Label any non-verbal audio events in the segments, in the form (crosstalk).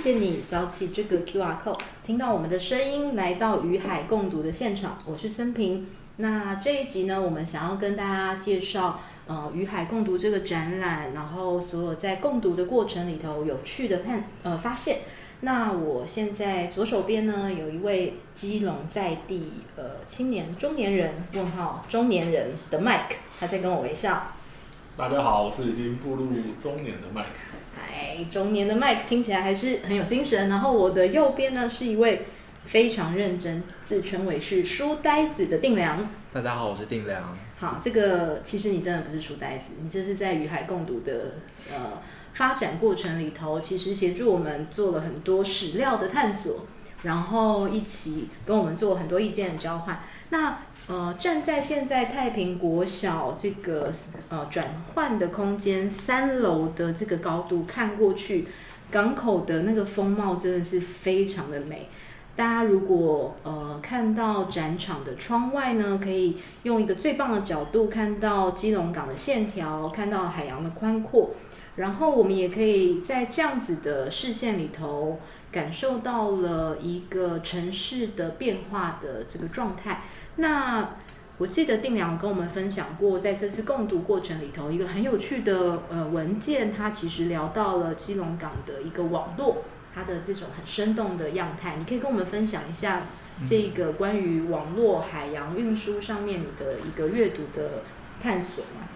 謝謝你掃起這個 QR code，聽到我們的聲音，來到與海共讀的現場，我是孫平。那這一集呢，我們想要跟大家介紹呃與海共讀這個展覽，然後所有在共讀的過程裡頭有趣的判呃發現。那我現在左手邊呢有一位基隆在地呃青年中年人問號中年人的 Mike，他在跟我微笑。大家好，我是已經步入中年的 Mike。嗯中年的 Mike 聽起來還是很有精神，然後我的右邊呢，是一位非常認真，自稱為是書呆子的定良。大家好，我是定良。好，這個其實你真的不是書呆子，你就是在與海共讀的呃發展過程裡頭，其實協助我們做了很多史料的探索。然後一起跟我們做很多意見的交換。那呃，站在現在太平國小這個呃轉換的空間三樓的這個高度看過去，港口的那個風貌真的是非常的美。大家如果呃看到展場的窗外呢，可以用一個最棒的角度看到基隆港的線條，看到海洋的寬闊。然後我們也可以在這樣子的視線裡頭。感受到了一個城市的變化的這個狀態。那我記得定良跟我們分享過，在這次共讀過程裡頭，一個很有趣的呃文件，它其實聊到了基隆港的一個網絡，它的這種很生動的樣態。你可以跟我們分享一下這個關於網絡海洋運輸上面的一個閱讀的探索嗎？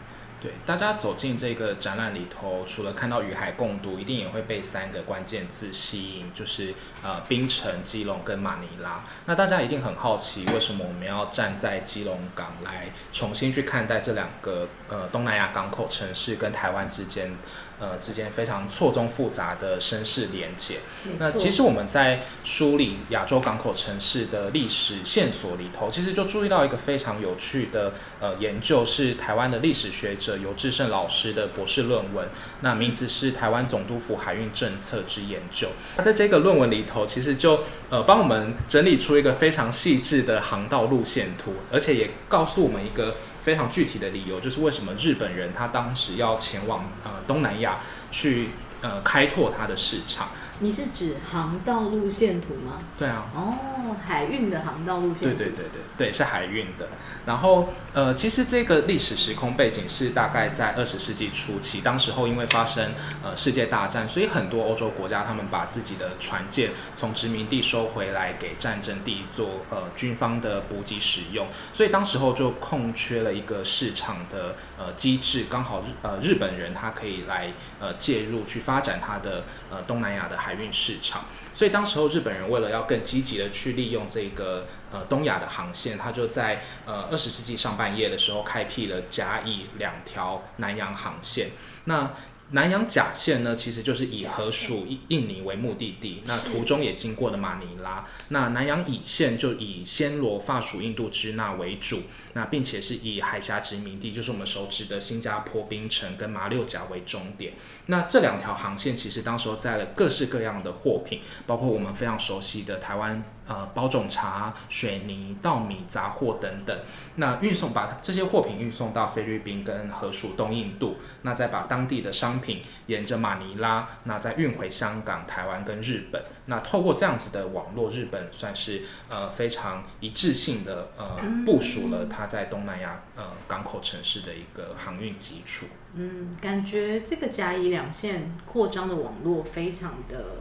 對，大家走進這個展覽裡頭，除了看到與海共讀，一定也會被三個關鍵字吸引，就是呃，檳城、基隆跟馬尼拉。那大家一定很好奇，為什麼我們要站在基隆港來重新去看待這兩個呃東南亞港口城市跟台灣之間呃，之間非常錯綜複雜的身世連結。那其實我們在梳理亞洲港口城市的歷史線索裡頭，其實就注意到一個非常有趣的呃研究，是台灣的歷史學者游智勝老師的博士論文。那名字是《台灣總督府海運政策之研究》。那在這個論文裡頭，其實就呃幫我們整理出一個非常細緻的航道路線圖，而且也告訴我們一個、嗯。非常具體的理由，就是為什麼日本人他當時要前往呃東南亞去呃開拓他的市場。你是指航道路線圖嗎？對啊。哦，海運的航道路線圖。對對對對對，是海運的。然後呃，其實這個歷史時空背景是大概在二十世紀初期，當時候因為發生呃世界大戰，所以很多歐洲國家他們把自己的船艦從殖民地收回來，給戰爭地做呃軍方的補給使用，所以當時候就空缺了一個市場的呃機制，剛好日呃日本人他可以來呃介入去發展他的呃東南亞的。海運市場，所以當時候日本人為了要更積極的去利用這個呃東亞的航線，他就在呃二十世紀上半葉的時候開闢了甲乙兩條南洋航線。那南洋甲線呢，其實就是以荷屬印印尼為目的地，那途中也經過了馬尼拉。那南洋乙線就以暹羅、法屬印度支那為主，那並且是以海峽殖民地，就是我們熟知的新加坡、檳城跟馬六甲為終點。那這兩條航線其實當時候載了各式各樣的貨品，包括我們非常熟悉的台灣呃包種茶、水泥、稻米、雜貨等等。那運送把這些貨品運送到菲律賓跟荷屬東印度，那再把當地的商沿着馬尼拉，那再運回香港、台灣跟日本。那透過這樣子的網絡，日本算是呃非常一致性的呃、嗯、部署了它在東南亞呃港口城市的一個航運基礎。嗯，感覺這個甲乙兩線擴張的網絡非常的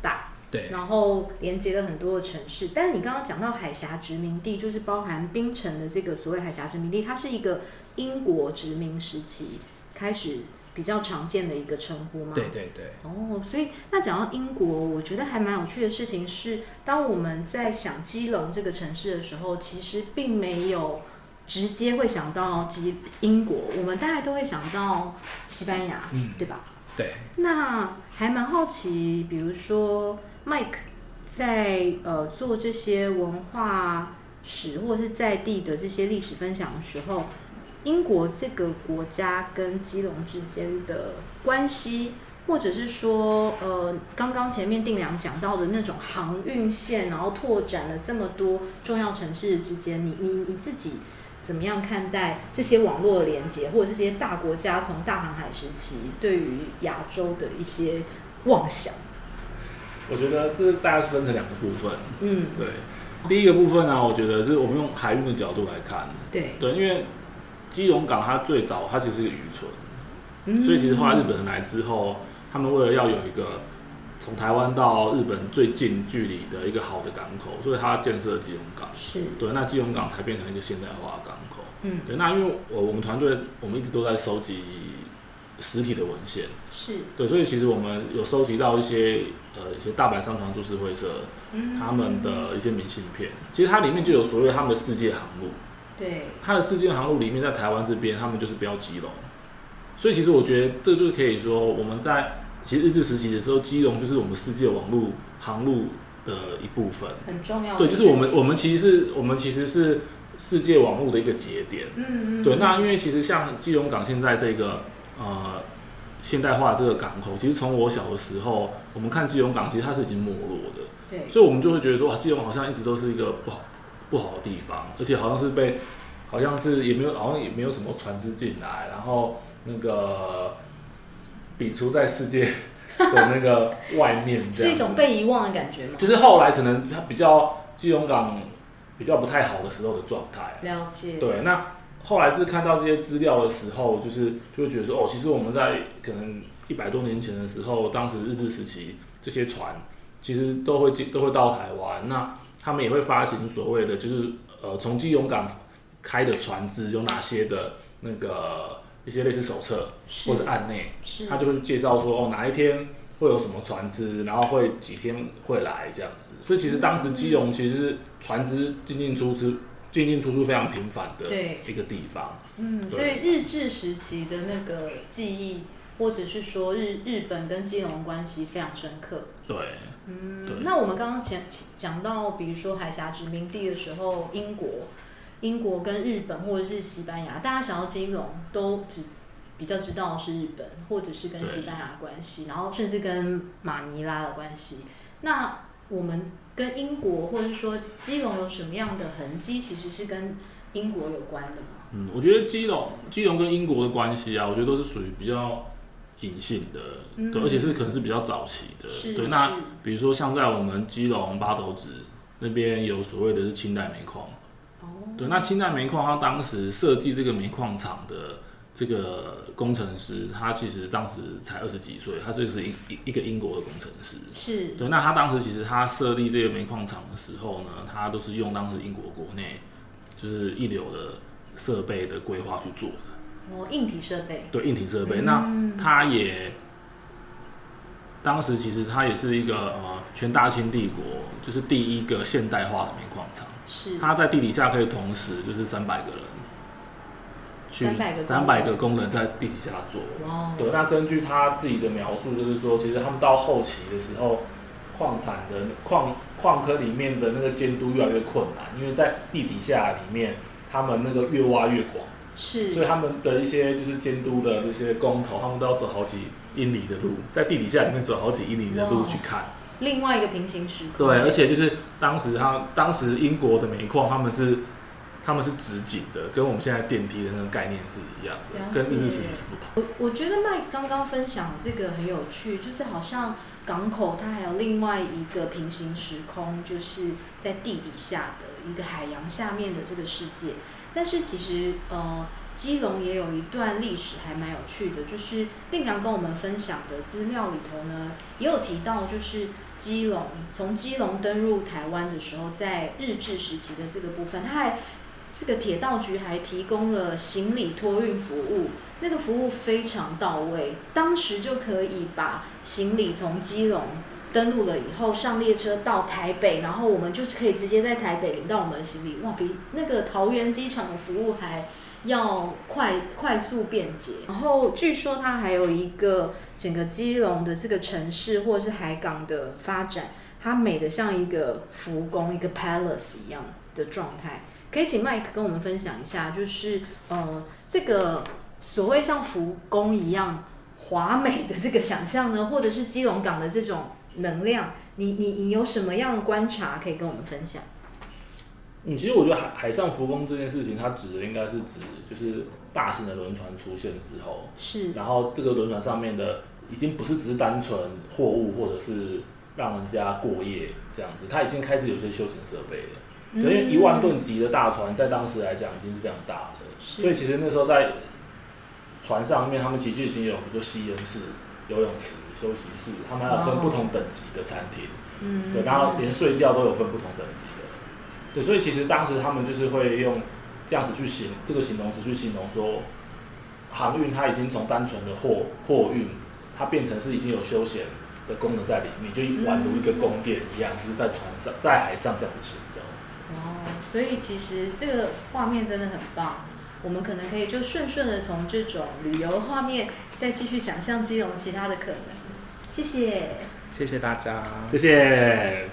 大，對，然後連接了很多的城市。但你剛剛講到海峽殖民地，就是包含檳城的這個所謂海峽殖民地，它是一個英國殖民時期開始。比較常見的一個稱呼嘛，對對對。哦，所以那講到英國，我覺得還蠻有趣的事情是，當我們在想基隆這個城市的時候，其實並沒有直接會想到基英國，我們大概都會想到西班牙，嗯，對吧？對。那還蠻好奇，比如說 Mike 在呃做這些文化史或者是在地的這些歷史分享的時候。英國這個國家跟基隆之間的關係，或者是說，呃，剛剛前面定良講到的那種航運線，然後拓展了這麼多重要城市之間，你你，你自己怎麼樣看待這些網絡的連接，或者是這些大國家從大航海時期對於亞洲的一些妄想？我覺得這大概是分成兩個部分，嗯，對，第一個部分呢，啊，我覺得是我們用海運的角度來看，對對，因為。基隆港，它最早它其實是個漁村，所以其實後來日本人來之後，他們為了要有一個從台灣到日本最近距離的一個好的港口，所以它建設基隆港。是對，那基隆港才變成一個現代化的港口。嗯，對。那因為我我們團隊我們一直都在收集實體的文獻，是對，所以其實我們有收集到一些呃一些大阪商船株式會社，嗯，他們的一些明信片，嗯嗯，其實它裡面就有所謂他們的世界航路。對，它的世界航路裡面，在台灣這邊，他們就是標基隆，所以其實我覺得這就是可以說，我們在其實日治時期的時候，基隆就是我們世界網絡航路的一部分，很重要。對，就是我們我們其實是我們其實是世界網絡的一個節點。嗯嗯，嗯嗯。對，那因為其實像基隆港現在這個呃現代化這個港口，其實從我小的時候，我們看基隆港，其實它是已經沒落的。對，所以我們就會覺得說，哇，基隆好像一直都是一個不好。不好的地方，而且好像是被，好像是也沒有，好像也沒有什麼船隻進來，然後那個，摒除在世界的那個外面這樣， (laughs) 是一種被遺忘的感覺嘛？就是後來可能它比較基隆港比較不太好的時候的狀態。了解。對，那後來是看到這些資料的時候，就是就會覺得說，哦，其實我們在可能一百多年前的時候，當時日治時期，這些船其實都會進，都會到台灣那。他們也會發行所謂的，就是呃，從基隆港開的船只有哪些的那個一些類似手冊或者案內，他就會介紹說哦，哪一天會有什麼船隻，然後會幾天會來這樣子。所以其實當時基隆其實船隻進進出出、進進出出非常頻繁的一個地方。嗯，所以日治時期的那個記憶，嗯、或者是說日日本跟基隆關係非常深刻。對。嗯，那我們剛剛講講到，比如說海峽殖民地的時候，英國、英國跟日本或者是西班牙，大家想要基隆都只比較知道是日本或者是跟西班牙關係，然後甚至跟馬尼拉的關係。嗯、那我們跟英國或者是說基隆有什麼樣的痕跡，其實是跟英國有關的嗎？嗯，我覺得基隆基隆跟英國的關係啊，我覺得都是屬於比較。隱性的，嗯，對，而且是可能是比較早期的，對。那比如說像在我們基隆八斗子那邊有所謂的是清代煤礦，哦，對。那清代煤礦，它當時設計這個煤礦廠的這個工程師，他其實當時才二十幾歲，他這個是一一一個英國的工程師，是對。那他當時其實他設立這個煤礦廠的時候呢，他都是用當時英國國內就是一流的設備的規劃去做。哦、硬體設備，對，硬體設備。嗯、那它也，當時其實它也是一個呃，全大清帝國就是第一個現代化的煤礦廠。是，它在地底下可以同時就是三百個人去，去三百個工人在地底下做，哦。對。那根據他自己的描述，就是說，其實他們到後期的時候，礦產的礦礦坑裡面的那個監督越來越困難，因為在地底下裡面，他們那個越挖越廣。是，所以他們的一些就是監督的那些工頭、嗯，他們都要走好幾英里的路，在地底下裡面走好幾英里的路去看。另外一個平行時空。對，而且就是當時他，當時英國的煤礦他們是。他們是直井的，跟我們現在電梯的那個概念是一樣的，跟日治時期是不同。我我覺得 Mike 剛剛分享的這個很有趣，就是好像港口它還有另外一個平行時空，就是在地底下的一個海洋下面的這個世界。但是其實呃，基隆也有一段歷史還蠻有趣的，就是定良跟我們分享的資料裡頭呢，也有提到就是基隆從基隆登陸台灣的時候，在日治時期的這個部分，他還。這個鐵道局還提供了行李托運服務，那個服務非常到位，當時就可以把行李從基隆登陸了以後，上列車到台北，然後我們就可以直接在台北領到我們的行李，哇，比那個桃園機場的服務還要快、快速、便捷。然後據說它還有一個整個基隆的這個城市或者是海港的發展，它美得像一個浮宮、一個 palace 一樣的狀態。可以請 Mike 跟我們分享一下，就是呃，這個所謂像浮宮一樣華美的這個想象呢，或者是基隆港的這種能量，你你你有什麼樣的觀察可以跟我們分享？嗯，其實我覺得海海上浮宮這件事情，它指的應該是指就是大型的輪船出現之後，是，然後這個輪船上面的已經不是只是單純貨物，或者是讓人家過夜這樣子，它已經開始有些休閒設備了。因為一萬噸級的大船，在當時來講已經是非常大的。嗯，所以其實那時候在船上面，他們其實已經有，比如說吸菸室、游泳池、休息室，他們還有分不同等級的餐廳。哦，對，然後連睡覺都有分不同等級的。嗯，對，所以其實當時他們就是會用這樣子去形這個形容詞去形容說，航運它已經從單純的貨貨運，它變成是已經有休閒的功能在裡面，就宛如一個宮殿一樣，就是在船上在海上這樣子行走。哦，所以其實這個畫面真的很棒，我們可能可以就順順的從這種旅遊畫面再繼續想象基隆其他的可能。謝謝，謝謝大家，謝謝。